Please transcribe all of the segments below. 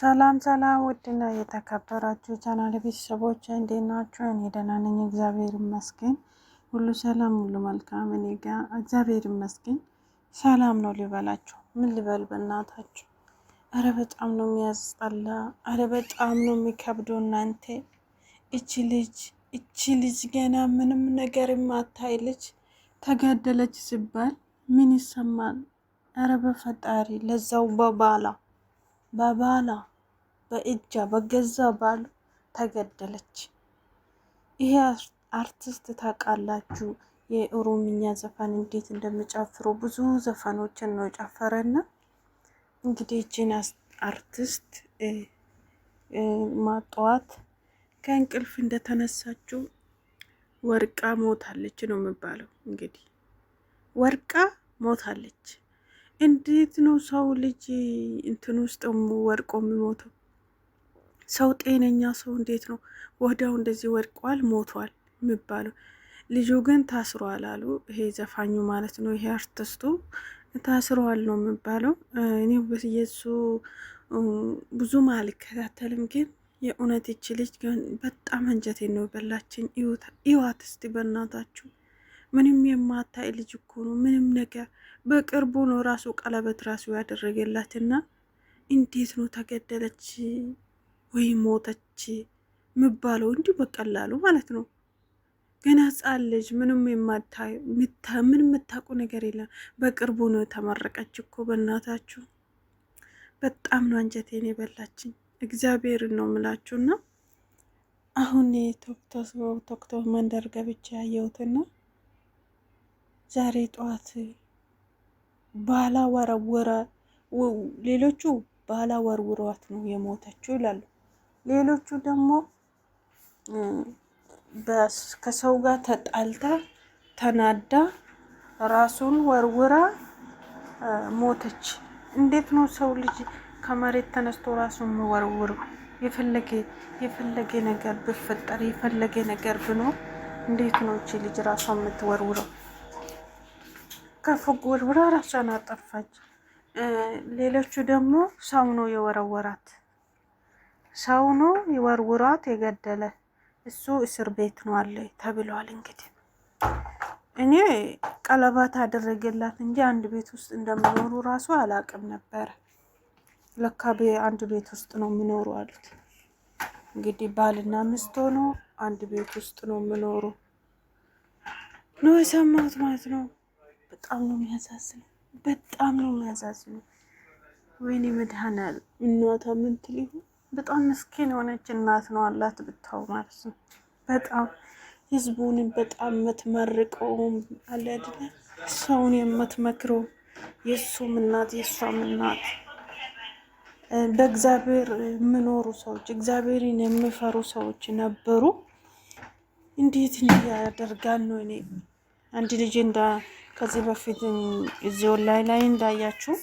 ሰላም ሰላም፣ ውድና የተከበራችሁ ቻናል ቤተሰቦች እንዴት ናችሁ? እኔ ደህና ነኝ፣ እግዚአብሔር ይመስገን። ሁሉ ሰላም፣ ሁሉ መልካም፣ እኔ ጋ እግዚአብሔር ይመስገን። ሰላም ነው ልበላችሁ? ምን ልበል በእናታችሁ? አረ በጣም ነው የሚያስጠላ። አረ በጣም ነው የሚከብደው። እናንተ እቺ ልጅ እቺ ልጅ ገና ምንም ነገር የማታይ ልጅ ተገደለች ሲባል ምን ይሰማል? አረ በፈጣሪ ለዛው በባላ በባሏ በእጇ በገዛ ባሉ ተገደለች። ይሄ አርቲስት ታውቃላችሁ፣ የኦሮምኛ ዘፈን እንዴት እንደሚጨፍሩ ብዙ ዘፈኖችን ነው የጨፈረና እንግዲህ እችን አርቲስት ማጠዋት ከእንቅልፍ እንደተነሳችው ወርቃ ሞታለች ነው የሚባለው። እንግዲህ ወርቃ ሞታለች። እንዴት ነው ሰው ልጅ እንትን ውስጥ ወድቆ የሚሞተው? ሰው ጤነኛ ሰው እንዴት ነው ወዲያው እንደዚህ ወድቋል ሞቷል የሚባለው? ልጁ ግን ታስሯል አሉ። ይሄ ዘፋኙ ማለት ነው፣ ይሄ አርቲስቱ ታስሯል ነው የሚባለው። እኔ የሱ ብዙም አልከታተልም፣ ግን የእውነት ይች ልጅ በጣም አንጀቴን ነው የበላችኝ። ይዋት እስቲ በእናታችሁ ምንም የማታይ ልጅ እኮ ነው። ምንም ነገር በቅርቡ ነው ራሱ ቀለበት ራሱ ያደረገላትና እንዴት ነው ተገደለች ወይ ሞተች ምባለው እንዲሁ በቀላሉ ማለት ነው። ገና ሕፃን ልጅ ምንም የማታይ ምን የምታውቁ ነገር የለም። በቅርቡ ነው የተመረቀች እኮ በእናታችሁ። በጣም ነው አንጀቴን የበላችኝ። እግዚአብሔርን ነው ምላችሁና አሁን ቶክቶ መንደር ገብቼ ያየሁትና ዛሬ ጠዋት ባላ ወረወረ ሌሎቹ ባላ ወርውሯት ነው የሞተችው ይላሉ። ሌሎቹ ደግሞ ከሰው ጋር ተጣልታ ተናዳ ራሱን ወርውራ ሞተች። እንዴት ነው ሰው ልጅ ከመሬት ተነስቶ ራሱን መወርውር? የፈለገ የፈለገ ነገር ብፈጠር የፈለገ ነገር ብኖር እንዴት ነው እቺ ልጅ ራሷ የምትወርውረው? ጎድ ብላ ራሷን አጠፋች። ሌሎቹ ደግሞ ሰው ነው የወረወራት፣ ሰው ነው የወርውሯት የገደለ እሱ እስር ቤት ነው አለ ተብሏል። እንግዲህ እኔ ቀለባት አደረገላት እንጂ አንድ ቤት ውስጥ እንደሚኖሩ ራሱ አላቅም ነበረ። ለካ አንድ ቤት ውስጥ ነው የሚኖሩ አሉት። እንግዲህ ባልና ሚስት ሆኖ አንድ ቤት ውስጥ ነው የሚኖሩ ነው የሰማሁት ማለት ነው። በጣም ነው የሚያሳዝነው። በጣም ነው የሚያሳዝነው። ወይኔ መድኃኔዓለም እናቷ ምን ትል ይሆን? በጣም ምስኪን የሆነች እናት ነው አላት ብታው ማለት ነው። በጣም ህዝቡን በጣም የምትመርቀውም አለ አይደለ ሰውን የምትመክረው የእሱም እናት የእሷም እናት በእግዚአብሔር የምኖሩ ሰዎች እግዚአብሔርን የምፈሩ ሰዎች ነበሩ። እንዴት እንዲህ ያደርጋል ነው እኔ አንድ ልጅ እንዳ ከዚህ በፊት እዚህ ኦንላይን ላይ እንዳያችሁ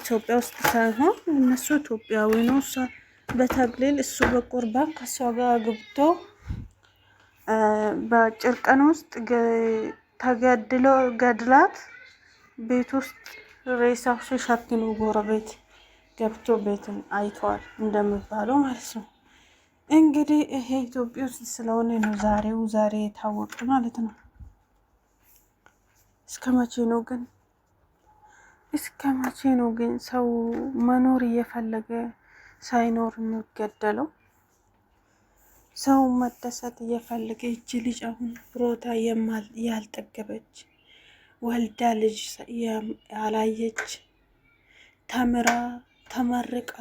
ኢትዮጵያ ውስጥ ሳይሆን እነሱ ኢትዮጵያዊ ነው፣ እሷ በተግሊል እሱ በቁርባ ከሷ ጋር ግብቶ በአጭር ቀን ውስጥ ተገድሎ ገድላት ቤት ውስጥ ሬሳው ሲሸክኑ ጎረቤት ገብቶ ቤትን አይተዋል እንደሚባለው ማለት ነው። እንግዲህ ይሄ ኢትዮጵያ ውስጥ ስለሆነ ነው ዛሬው ዛሬ የታወቀ ማለት ነው። እስከ መቼ ነው ግን እስከ መቼ ነው ግን ሰው መኖር እየፈለገ ሳይኖር የሚገደለው? ሰው መደሰት እየፈለገ እች ልጅ አሁን ሮታ ያልጠገበች ወልዳ ልጅ ያላየች ተምራ ተመርቃ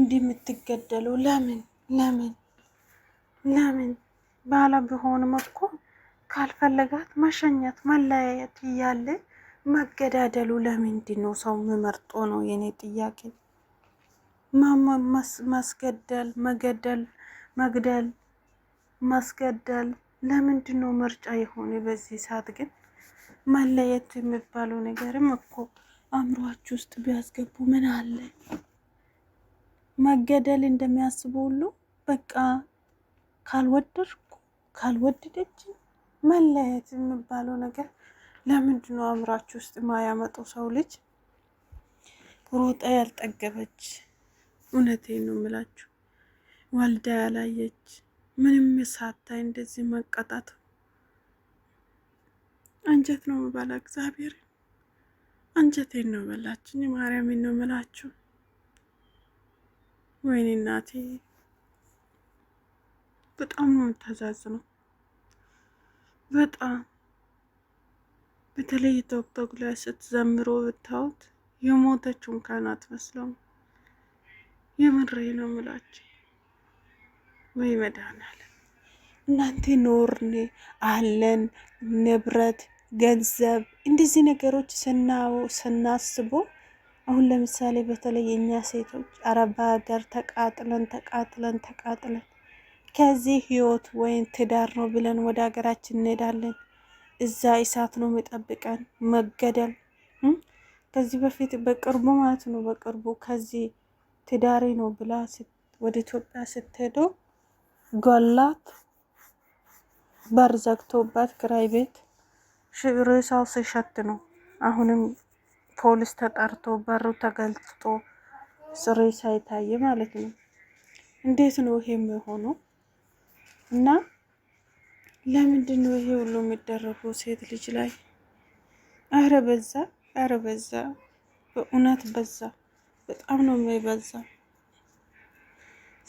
እንደምትገደሉ ለምን ለምን ለምን ባላ ቢሆንም እኮ ካልፈለጋት መሸኘት መለያየት እያለ መገዳደሉ ለምንድን ነው ሰው ምመርጦ ነው የኔ ጥያቄ። ማስገደል መገደል መግደል ማስገደል ለምንድን ነው ምርጫ የሆነ? በዚህ ሰዓት ግን መለየት የሚባለው ነገርም እኮ አእምሯችሁ ውስጥ ቢያስገቡ ምን አለ? መገደል እንደሚያስቡ ሁሉ በቃ ካልወደድኩ ካልወደደች መለየት የሚባለው ነገር ለምንድን ነው አእምሯችሁ ውስጥ የማያመጡ ሰው ልጅ ሮጣ ያልጠገበች እውነቴ ነው የምላችሁ ወልዳ ያላየች ምንም ሳታይ እንደዚህ መቀጣት አንጀት ነው የምበላ እግዚአብሔር አንጀቴን ነው በላችኝ ማርያምን ነው የምላችሁ ወይኔ እናቴ በጣም ነው የምታዛዝ ነው። በጣም በተለይ ቶክቶክ ላይ ስትዘምሮ ብታዩት የሞተችው እንኳን አትመስለውም። የምሬ ነው የምላችሁ። ወይ መድኃኒዓለም እናንተ ኖርን አለን ንብረት፣ ገንዘብ እንደዚህ ነገሮች ስናስቦ አሁን ለምሳሌ በተለይ እኛ ሴቶች አረባ ሀገር ተቃጥለን ተቃጥለን ተቃጥለን ከዚህ ህይወት ወይም ትዳር ነው ብለን ወደ ሀገራችን እንሄዳለን። እዛ እሳት ነው የሚጠብቀን፣ መገደል። ከዚህ በፊት በቅርቡ ማለት ነው በቅርቡ ከዚህ ትዳሬ ነው ብላ ወደ ኢትዮጵያ ስትሄደው ጎላት በር ዘግቶባት ክራይ ቤት ሬሳው ሲሸት ነው አሁንም ፖሊስ ተጠርቶ በሩ ተገልጦ ስሬ ሳይታይ ማለት ነው። እንዴት ነው ይሄ የሚሆነው? እና ለምንድን ነው ይሄ ሁሉ የሚደረገው ሴት ልጅ ላይ? አረ በዛ፣ አረ በዛ፣ በእውነት በዛ። በጣም ነው የሚበዛ።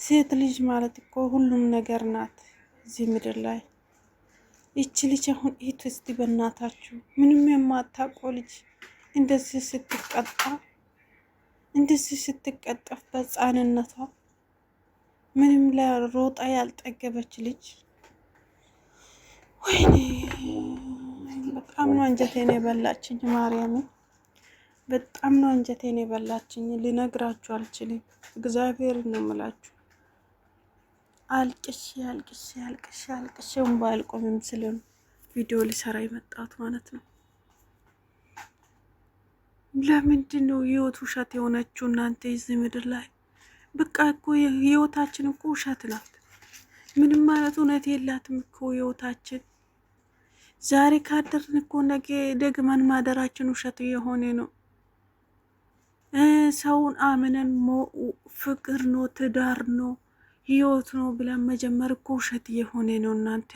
ሴት ልጅ ማለት እኮ ሁሉም ነገር ናት እዚህ ምድር ላይ። ይቺ ልጅ አሁን ትስቲ በእናታችሁ ምንም የማታውቀው ልጅ እንደዚህ ስትቀጣ እንደዚህ ስትቀጠፍ በህፃንነቷ ምንም ለሮጣ ያልጠገበች ልጅ ወይኔ በጣም ነው አንጀቴን የበላችኝ። ማርያምን በጣም ነው አንጀቴን የበላችኝ። ልነግራችሁ አልችልም። እግዚአብሔር ነው የምላችሁ። አልቅሽ አልቅሽ አልቅሽ አልቅሽ እምባ አልቆምም ቪዲዮ ሊሰራ የመጣሁት ማለት ነው። ለምንድን ነው የህይወት ውሸት የሆነችው? እናንተ ይህ ምድር ላይ በቃ እኮ ህይወታችን እኮ ውሸት ናት። ምንም ማለት እውነት የላትም እኮ ህይወታችን። ዛሬ ካደርን እኮ ነገ ደግመን ማደራችን ውሸት የሆነ ነው። ሰውን አምነን ፍቅር ነው ትዳር ነው ህይወት ነው ብለን መጀመር እኮ ውሸት የሆነ ነው። እናንተ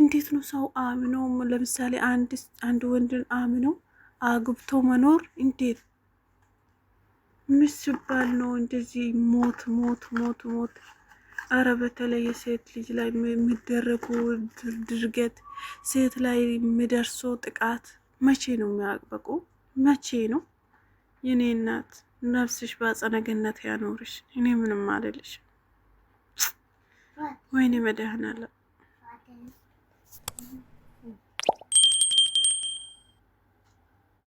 እንዴት ነው ሰው አምነው ለምሳሌ አንድ ወንድን አምነው አግብቶ መኖር እንዴት ምስባል ነው? እንደዚህ ሞት ሞት ሞት ሞት። አረ በተለይ የሴት ልጅ ላይ የሚደረጉ ድርገት፣ ሴት ላይ የሚደርሰው ጥቃት መቼ ነው የሚያቅበቁ መቼ ነው? የኔ እናት ነፍስሽ በአጸደ ገነት ያኖርሽ። እኔ ምንም አልልሽ። ወይኔ መድህን አለ